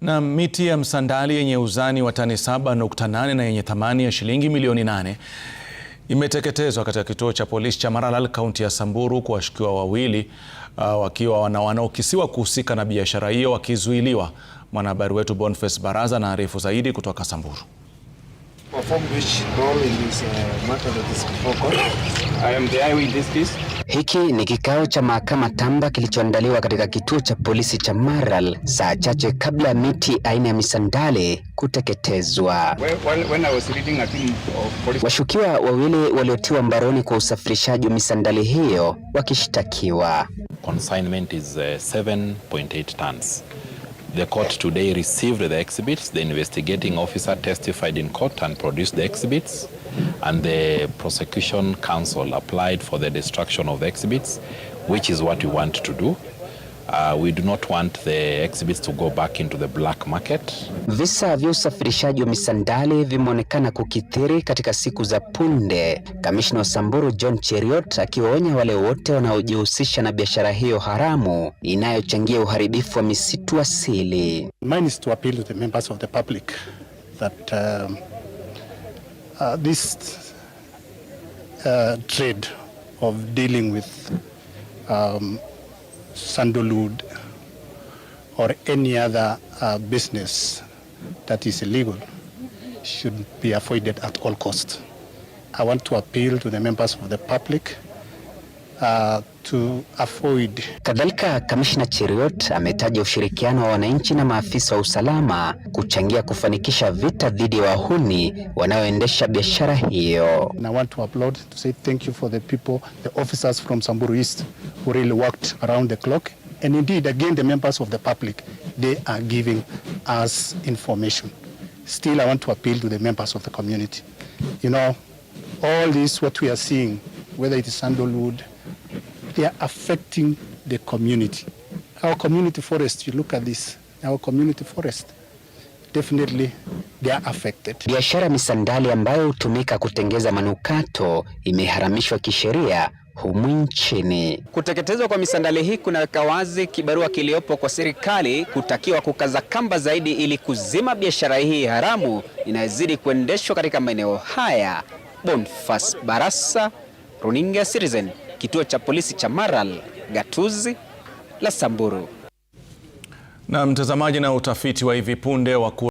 Na miti ya msandali yenye uzani wa tani 7.8 na yenye thamani ya shilingi milioni nane imeteketezwa katika kituo cha polisi cha Maralal kaunti ya Samburu huku washukiwa wawili uh, wakiwa wanaokisiwa kuhusika na biashara hiyo wakizuiliwa. Mwanahabari wetu Boniface Baraza anaarifu zaidi kutoka Samburu. Hiki ni kikao cha mahakama tamba kilichoandaliwa katika kituo cha polisi cha Maral saa chache kabla ya miti aina ya misandale kuteketezwa. Uh, Washukiwa wawili waliotiwa mbaroni kwa usafirishaji wa misandali hiyo wakishtakiwa. Consignment is 7.8 uh, tons. The court today received the exhibits. The investigating officer testified in court and produced the exhibits, and the prosecution counsel applied for the destruction of the exhibits, which is what we want to do. Uh, we do not want the exhibits to go back into the black market. Visa vya usafirishaji wa misandali vimeonekana kukithiri katika siku za punde. Kamishna wa Samburu John Cheriot akiwaonya wale wote wanaojihusisha na biashara hiyo haramu inayochangia uharibifu wa misitu asili. Mine is to appeal to the members of the public that uh, uh, this uh, trade of dealing with um, sandalwood or any other uh, business that is illegal should be avoided at all costs. I want to appeal to the members of the public Uh, to avoid. Kadhalika, Kamishna Cheriot ametaja ushirikiano wa wananchi na maafisa wa usalama kuchangia kufanikisha vita dhidi ya wahuni wanaoendesha biashara hiyo. And I want to applaud to say thank you for the people, the officers from Samburu East who really worked around the clock and indeed again the members of the public they are giving us information. Still I want to appeal to the members of the community. You know, all this what we are seeing whether it is sandalwood they are affecting the community. Our community forest, you look at this, our community forest, definitely they are affected. Biashara ya misandali ambayo hutumika kutengeza manukato imeharamishwa kisheria humu nchini. Kuteketezwa kwa misandali hii kunaweka wazi kibarua kiliyopo kwa serikali kutakiwa kukaza kamba zaidi ili kuzima biashara hii haramu inayozidi kuendeshwa katika maeneo haya. Bonfas Barasa, Runinga Citizen kituo cha polisi cha Maral, gatuzi la Samburu. Na mtazamaji, na utafiti wa hivi punde wa